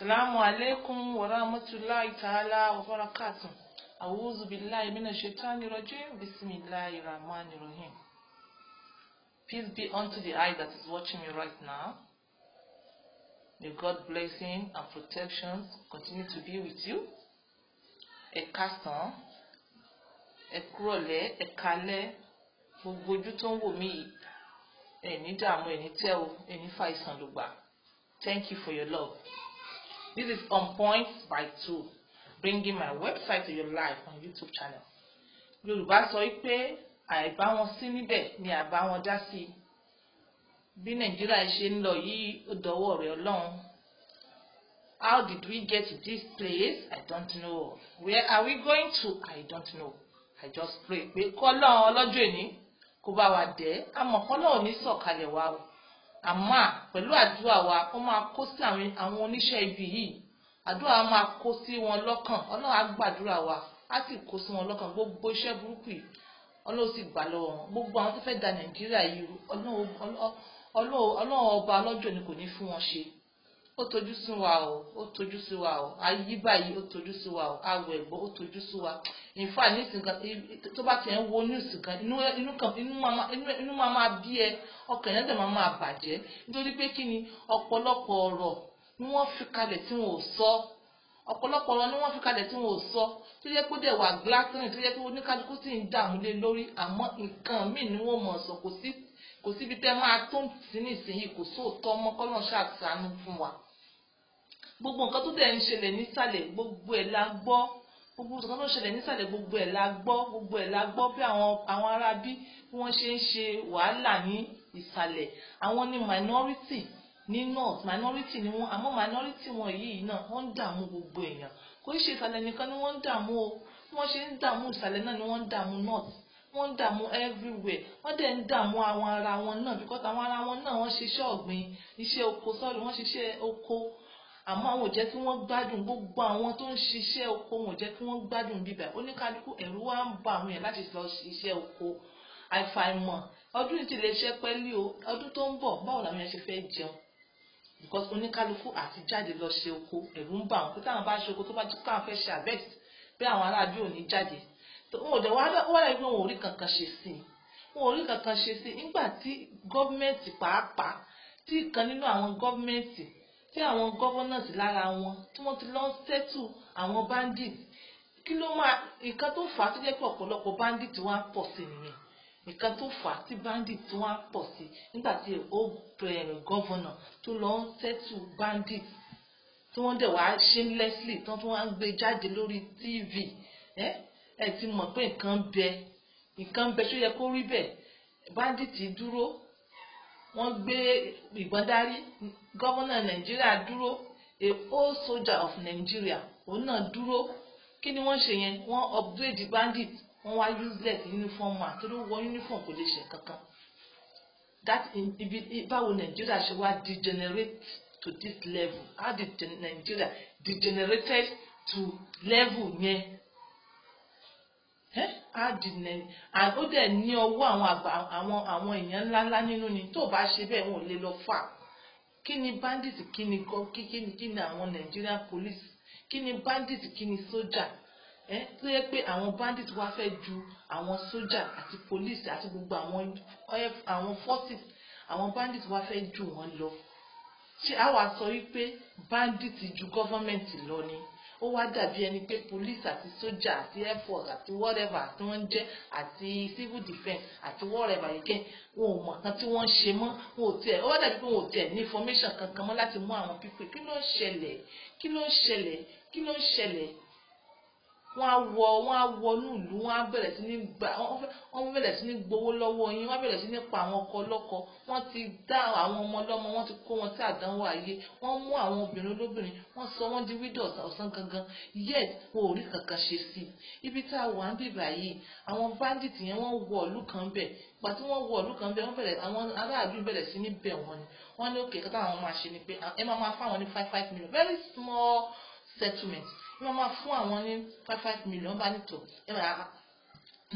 Salamu alaikum wa rahmatullahi ta'ala wa barakatuh. A'udhu billahi minash shaitani rajim. Bismillahir rahmanir rahim. Peace be unto the eye that is watching me right now. May God blessing and protection continue to be with you. Ẹ káàsán, ẹ kúrọ̀lẹ́, ẹ kalẹ́, gbogbo ojú tó ń wò mí yìí. Ẹ ní dààmú, ẹ ní tẹ́ o, ẹ ní fa ìsàn ló Thank you for your love. This is On Point by Two, bringing my website to your life on YouTube channel. Yorùbá sọ pé àìbá wọn sí níbẹ̀ ni àbá wọn dá sí. Bí Nàìjíríà ṣe ń lọ yìí ó rẹ̀ Ọlọ́run. How did we get to this place? I don't know. Where are we going to? I don't know. I just pray pé kọ́lọ́ ọlọ́jọ́ ìní kó bá wa dé àmọ́ kọ́lọ́ ò ní sọ̀kalẹ̀ wa o àmọ́ pẹ̀lú àdúrà wa ó máa kó sí àwọn oníṣẹ́ ibi yìí àdúrà wa máa kó sí wọn lọ́kàn ọlọ́run á gbàdúrà wa á sì kó sí wọn lọ́kàn gbogbo iṣẹ́ burúkú yìí ọlọ́run sì gbà lọ́wọ́ wọn gbogbo àwọn tó fẹ́ da nàìjíríà yìí ọlọ́run ọba ọlọ́jọ́ ni kò ní fún wọn ṣe ó tojú sí wa o ó tojú sí wa o ayé báyìí ó tojú sí wa o awọ ẹ̀gbọ́ ó tojú sí wa tó bá tiẹ̀ ń wo news kan inú kan inú máa máa bí ẹ ọkàn yẹn máa máa bàjẹ́ nítorí pé kí ni ọ̀pọ̀lọpọ̀ ọ̀rọ̀ ni wọ́n fi kalẹ̀ ọ̀pọ̀lọpọ̀ ọ̀rọ̀ ni wọ́n fi kalẹ̀ tí wọn ò sọ tó yẹ kó dẹ̀ wà glasiri tó yẹ kó oníkálukú sì ń dààmú lé lórí àmọ́ nǹkan míì ni wọ́n mọ̀ sọ kò sí kò síbi tẹ́ máa tó sí nísìnyí kò sóòótọ́ ọmọ kọ́lọ́n ṣàtìsánú fún wa gbogbo nǹkan tó dẹ̀ ń ṣẹlẹ̀ nísàlẹ̀ gbogbo ẹ̀ la gbọ́ gbogbo nǹkan tó ṣẹlẹ̀ nísàlẹ̀ gbogbo ẹ̀ la gbọ́ gbogbo ẹ̀ la gbọ́ bí àwọn àwọn wọ́n ṣe ń ṣe wàhálà ní ìsàlẹ̀ àwọn ni minority ní north minority ni wọn àmọ́ minority wọn yìí náà wọ́n ń dààmú gbogbo èèyàn kò í ṣe ìsàlẹ̀ nìkan ni wọ́n ń dààmú o bí ṣe ń dààmú ìsàlẹ̀ náà ni wọ́n ń dààmú north wọ́n ń dààmú everywhere wọ́n dẹ̀ ń dààmú àwọn ara wọn náà because àwọn ara wọn náà wọ́n ṣiṣẹ́ ọ̀gbìn iṣẹ́ oko sorry wọ́n ṣiṣẹ́ oko àmọ́ àwọn ò jẹ́ kí gbádùn gbogbo àwọn tó ń ṣiṣẹ́ oko wọn ò jẹ́ kí gbádùn bíbẹ̀ oníkálukú ẹ̀rù wa ń ba àwọn yẹn láti lọ ṣiṣẹ́ oko àìfàìmọ̀ ọdún ìtìlẹ̀ṣẹ́ pẹ́lú ọdún tó ń bọ̀ báwo làwọn yẹn ṣe fẹ́ jẹun because oníkálukú àti jáde lọ ṣe oko ẹ̀rù ń bà wọn pé táwọn bá ṣe oko tó bá jíkọ́ àwọn fẹ́ ṣe harvest pé àwọn aráàlú ò ní jáde wọn ò dẹ̀ wá láì pé wọn ò rí kankan ṣe sí i wọn ò rí kankan ṣe sí i nígbà tí gọ́ọ̀mẹ̀ntì pàápàá tí kan nínú àwọn gọ́ọ̀mẹ̀ntì tí àwọn governors lára wọn tí wọ́n ti lọ settle àwọn bandits kí ló máa nǹkan tó fà á tó jẹ́ pé ọ̀pọ̀lọpọ̀ bandits wá pọ̀ sí nìyẹn nǹkan tó fà á tí bandit tó wá pọ̀ sí nígbà tí ó bẹ̀rẹ̀ eh, gọ́vọ̀nà tó lọ ń tẹ́tù bandit tí wọ́n dẹ̀ wá shamelessly tán tó wá ń gbé jáde lórí tv ẹ eh? ẹ ti mọ̀ pé nǹkan bẹ nǹkan bẹ tó yẹ kó rí bẹ́ẹ̀ bandit dúró wọ́n gbé ìbọn dárí gọ́vọ̀nà nàìjíríà dúró a whole soldier of nigeria òun náà dúró kí ni wọ́n ṣe yẹn wọ́n upgrade bandit wọ́n wá useless uniform man torí wọ uniform kò lè ṣe kankan that ibi báwo Nigeria ṣe wá degenerate to this level how did Nigeria degenerated to level yẹn á di nẹni ó dẹ̀ ní ọwọ́ àwọn àgbà àwọn àwọn èèyàn ńláńlá nínú ni tó bá ṣe bẹ́ẹ̀ wọn ò lè lọ fà kí ni bandit kí ni kí ni kí ni àwọn Nigerian police kí ni bandit kí ni sójà. So ẹ tó yẹ pé àwọn bandits wá fẹ́ ju àwọn sójà àti police àti gbogbo àwọn àwọn forces àwọn bandits wá fẹ́ ju wọn lọ ṣé a wàá sọ wípé bandits ju government lọ ni ó wá dàbí ẹni pé police àti sójà àti air force àti whatever tí wọ́n ń jẹ́ àti civil defence àti whatever yìí kẹ́ wọn ò mọ̀ kan tí wọ́n ń ṣe mọ́ wọn ò tiẹ̀ ó wá dàbí pé wọn ò tiẹ̀ ní information kankan mọ́ láti mú àwọn pípé kí ló ń ṣẹlẹ̀ kí ló ń ṣẹlẹ̀ kí ló ń ṣẹlẹ̀ wọ́n á wọ wọ́n á wọnú ìlú wọ́n á bẹ̀rẹ̀ sí ní gbà wọ́n bẹ̀rẹ̀ sí ní gbowó lọ́wọ́ yín wọ́n á bẹ̀rẹ̀ sí ní pa àwọn ọkọ lọ́kọ wọ́n ti dá àwọn ọmọ lọ́mọ wọ́n ti kó wọn sí àdánwò ayé wọ́n mú àwọn obìnrin olóbìnrin wọ́n sọ wọ́n di wídò ọ̀sán gangan yet wọn ò rí kankan ṣe sí i ibi tá a wà ń bìbà yìí àwọn bandit yẹn wọ́n wọ ìlú kan bẹ̀ gbà tí wọ́n wọ ìlú kan bẹ̀ wọ́n bẹ̀rẹ̀ àwọn aráàlú bẹ̀rẹ̀ sí ní bẹ̀ wọ́n ni wọ́n ní òkè kátà àwọn máa ṣe ni pé ẹ máa máa fáwọn ní five five million very small settlement wọ́n máa fún àwọn ní five five million bá nìtò ẹ bá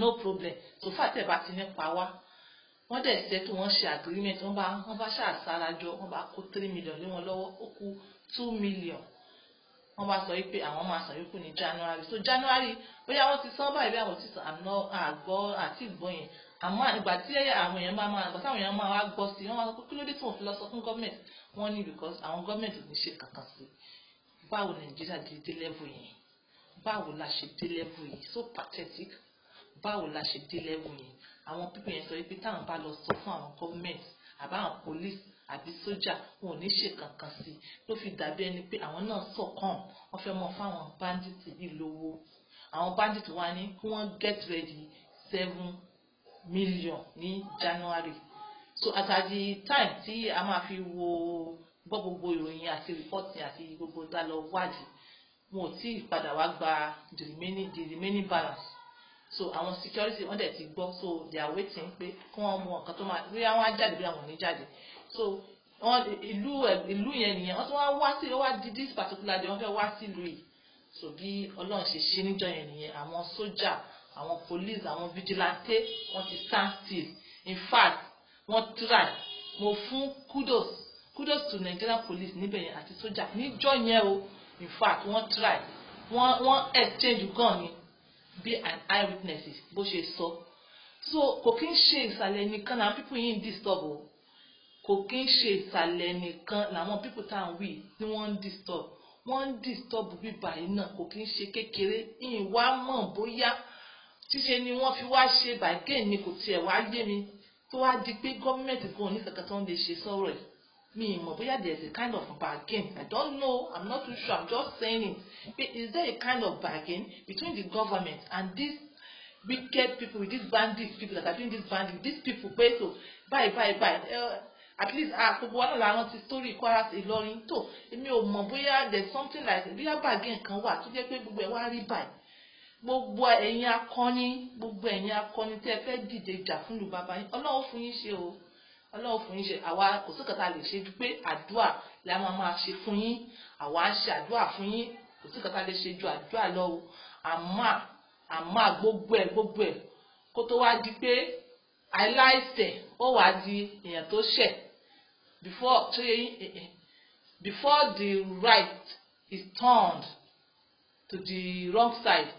no problem tó fà tẹ̀ bá ti nípa wá wọ́n dẹ̀ ṣe tó wọ́n ṣe agreement wọ́n bá wọ́n bá ṣàṣàràjọ wọ́n bá kó three million lé wọn lọ́wọ́ ó kú two million wọ́n bá sọ wípé àwọn máa san yòókù ní january so january bóyá wọ́n ti san báyìí bí àwọn ti san àná àgbọ́ àti ìgbọ́ yẹn àmọ́ ìgbà tí àwọn èèyàn máa máa ìgbà táwọn èèyàn máa wá gbọ́ sí wọ́n máa sọ pé kí ló dé tí wọ́n fi lọ sọ fún gọ́ọ̀mẹ̀ntì wọ́n ní because àwọn gọ́ọ̀mẹ̀ntì ò ní ṣe kankan sí i báwo nàìjíríà ti dé level yẹn báwo la ṣe dé yìí so pathetic báwo la ṣe dé level yẹn àwọn pípẹ́ yẹn sọ wípé táwọn bá lọ sọ fún àwọn gọ́ọ̀mẹ̀ntì àbáwọn police àbí sójà wọn ò ní ṣe kankan sí ló fi dàbí ẹni pé àwọn náà sọkàn wọn fẹ́ mọ fáwọn bandits yìí lówó àwọn bandits wa ní kí wọ́n get ready seven million ní January so àtàdí time tí a máa fi wo gbọ́ gbogbo ìròyìn àti rìpọ́tì àti gbogbo tá a lọ wádìí wọn ò tí ì padà wá gba the remaining the remaining balance so àwọn security wọn dẹ̀ ti gbọ́ so they are waiting pé kí wọ́n mú ọ̀kan tó máa bí wọ́n á jáde bí àwọn ò ní jáde so wọn ìlú ìlú yẹn nìyẹn wọ́n tún wá wá sí wá di this particular day wọ́n fẹ́ wá sílùú yìí so bí ọlọ́run ṣe ṣe níjọ yẹn nìyẹn àwọn sójà àwọn police àwọn vigilante wọ́n ti stand still in fact wọ́n try mo fún kudos kudos to Nigerian police níbẹ̀ yẹn àti sójà níjọ́ yẹn o in fact wọ́n try wọ́n wọ́n exchange gun. ni bí an eye witnesses bó ṣe sọ so kò kí ń ṣe ìsàlẹ̀ nìkan làwọn pípọ̀ yìí ń disturb o kò kí ń ṣe ìsàlẹ̀ nìkan làwọn pípọ̀ tá à ń wí tí wọ́n ń disturb wọ́n ń disturb bíbà yìí náà kò kí ń ṣe kékeré ìyìn wá mọ̀ bóyá ṣíṣe ni wọ́n fi wá ṣe bàgẹ́ mi kò tiẹ̀ wá yé mi tó wá di pé gọ́ọ̀mẹ̀ntì kan ò ní kankan tó ń lè ṣe sọ̀rọ̀ ẹ̀ Me mọ̀ bóyá there is a kind of bargain I don't know I'm not too sure I'm just saying it but is there a kind of bargain between the government and these wicked people with these bandits people that are doing this bandit these people pay to buy buy buy uh, at least ah gbogbo wa náà la rántí story Kwara Ìlọrin tó èmi ò mọ̀ bóyá there is something like bóyá bargain kan wà tó jẹ́ pé gbogbo ẹ̀ wá rí báyìí gbogbo ẹ̀yin akọni gbogbo ẹ̀yin akọni tẹ́ fẹ́ dìde jà fún ìlú bàbá yín Ọlọ́run fún yín ṣe o ọlọ́run fún yín ṣe àwa kò sí kàtà lè ṣe ju pé àdúà la máa máa ṣe fún yín àwa ṣe àdúà fún yín kò sí kàtà lè ṣe ju àdúà lọ o àmọ́ àmọ́ gbogbo ẹ̀ gbogbo ẹ̀ kó tó wá di pé aláìṣẹ̀ ó wá di èèyàn tó ṣẹ̀ before ṣé eh, eh, before the right is turned to the wrong side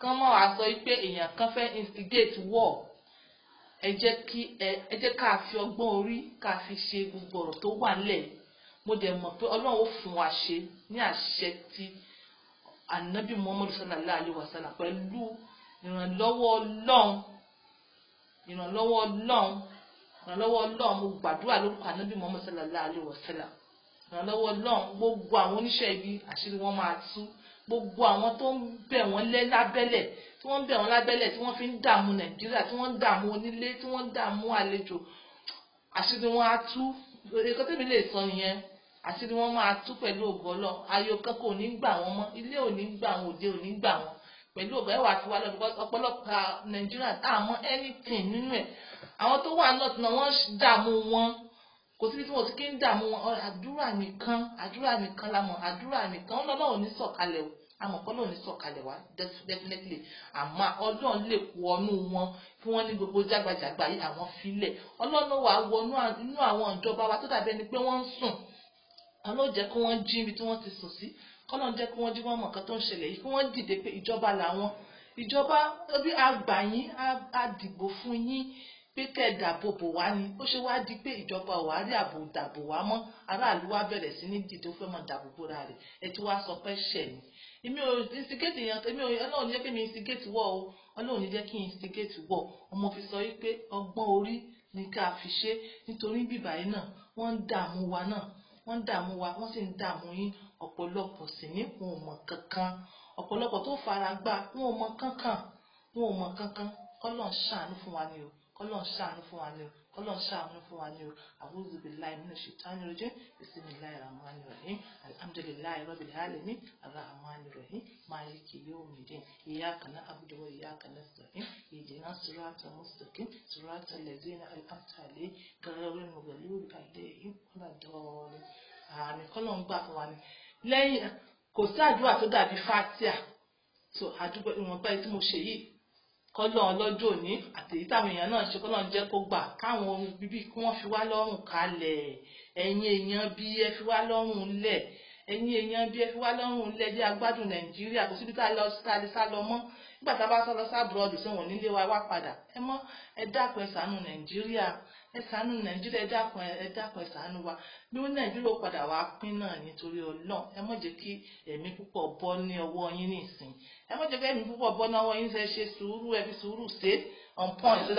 kán mọ̀ wá sọ pé èèyàn kan fẹ́ instigate war ẹ jẹ́ kí ẹ ẹ jẹ́ ká fi ọgbọ́n orí ká fi ṣe gbogbo ọ̀rọ̀ tó wà nílẹ̀ mo dẹ̀ mọ̀ pé ọlọ́run ó fún wa ṣe ní àṣẹ ti ànábì muhammadu sallallahu alayhi wa sallam pẹ̀lú ìrànlọ́wọ́ ọlọ́run ìrànlọ́wọ́ ọlọ́run ìrànlọ́wọ́ ọlọ́run mo gbàdúrà lórúkọ ànábì muhammadu sallallahu alayhi wa sallam ìrànlọ́wọ́ ọlọ́run gbogbo àwọn oníṣẹ́ ibi àṣírí wọn máa tú gbogbo àwọn tó ń bẹ̀ wọ́n lẹ́ lábẹ́lẹ̀ tí wọ́n ń bẹ̀ wọ́n lábẹ́lẹ̀ tí wọ́n fi ń dààmú nàìjíríà tí wọ́n ń dààmú onílé tí wọ́n ń dààmú àlejò àṣírí wọn á tú nǹkan tẹ́mi lè sọ nìyẹn àṣírí wọn máa tú pẹ̀lú ògùn ọlọ́ ayọ̀ kankan ò ní gbà wọ́n mọ́ ilé ò ní gbà wọ́n òde ò ní gbà wọ́n pẹ̀lú ògùn ẹ̀wà tiwa lọ ọ̀pọ̀lọpọ̀ nàìjíríà àmọ́ anything nínú ẹ̀ àwọn tó wà náà tí wọ́n dààmú wọn kò sí tí wọn kí ń dààmú wọn àdúrà nìkan àdúrà nìkan la àdúrà nìkan ọlọ́run ò ní sọ̀kalẹ̀ o amọ̀kọ́lọ́ ní sọ̀kalẹ̀ wá definitely àmọ́ ọlọ́run lè wọnú wọn kí wọ́n ní gbogbo jágbajàgba yìí àwọn filẹ̀ ọlọ́run wà wọnú inú àwọn ìjọba wa tó dàbí ẹni pé wọ́n ń sùn ọlọ́run jẹ́ kí wọ́n jí ibi tí wọ́n ti sùn sí kọ́lọ́run jẹ́ kí wọ́n jí wọ́n mọ̀ nǹkan tó ń ṣẹlẹ̀ yìí kí wọ́n dìde pé ìjọba làwọn ìjọba bí àgbà yín á dìbò fún yín pé kẹ́ ẹ dàbò bò wá ni ó ṣe wá di pé ìjọba ò wá rí àbò dàbò wá mọ́ aráàlú wá bẹ̀rẹ̀ sí ní dìde ó fẹ́ mọ dàbò bóra rẹ̀ ẹ ti wá sọ pé ṣẹ̀ ni èmi ò instigate yẹn èmi ò ọlọ́run ní jẹ́ kí mi instigate wọ̀ o ọlọ́run ní jẹ́ kí n instigate wọ̀ ọmọ fi sọ wípé ọgbọ́n orí ni ká fi ṣe nítorí bíbá yìí náà wọ́n ń dààmú wa náà wọ́n ń dààmú wa wọ́n sì ń dààmú yín ọ̀pọ̀lọpọ̀ sì ní wọn ò mọ̀ kankan ọ̀pọ̀lọpọ̀ tó fara gbá wọn ò mọ̀ kankan wọn ò mọ̀ kankan kọ́lọ́n ṣàánú fún wa ni o kọ́lọ́n ṣàánú fún wa ni o Ọlọ́run ṣàánú fún wa ní o àwùjọ bìlá ìmúnà ṣètánì rẹ jẹ bisimilayi rahmani rahim alhamdulilayi rabbil alamin rahmani rahim maliki yawmi din iyyaka na'budu wa iyyaka nasta'in ihdina siratal mustaqim siratal ladzina an'amta alaihim ghayril maghdubi alaihim waladdallin àmì kọ́lọ̀ ń gbà fún wa ni lẹ́yìn kò sí àdúrà tó dàbí fatia so àdúgbò ìwọ̀nba tí mo ṣe kọ́lọ́n lọ́jọ́ òní àtèyí táwọn èèyàn náà ṣe kọ́lọ́n jẹ́ kó gbà káwọn ohun bíbí kí wọ́n fi wá lọ́rùn kalẹ̀ ẹ̀yin èèyàn bí ẹ fi wá lọ́rùn lẹ̀ ẹ̀yin èèyàn bí ẹ fi wá lọ́rùn ilé ẹjẹ́ agbádùn nàìjíríà kò síbi tá a lọ tá a mọ́ nígbà tá a bá sá lọ sábúrọ̀dù sí wọn nílé wa wá padà ẹ mọ́ ẹ dákun ẹ ṣàánú nàìjíríà ẹ ṣàánú nàìjíríà ẹ dákun ẹ dákun ẹ ṣàánú wa bí wọn nàìjíríà ó padà wá pín náà nítorí ọlọ́run ẹ mọ́ jẹ́ kí ẹ̀mí púpọ̀ bọ́ ní ọwọ́ yín nísìn ẹ mọ́ jẹ́ kí ẹ̀mí púpọ̀ bọ́ ní ọwọ́ yín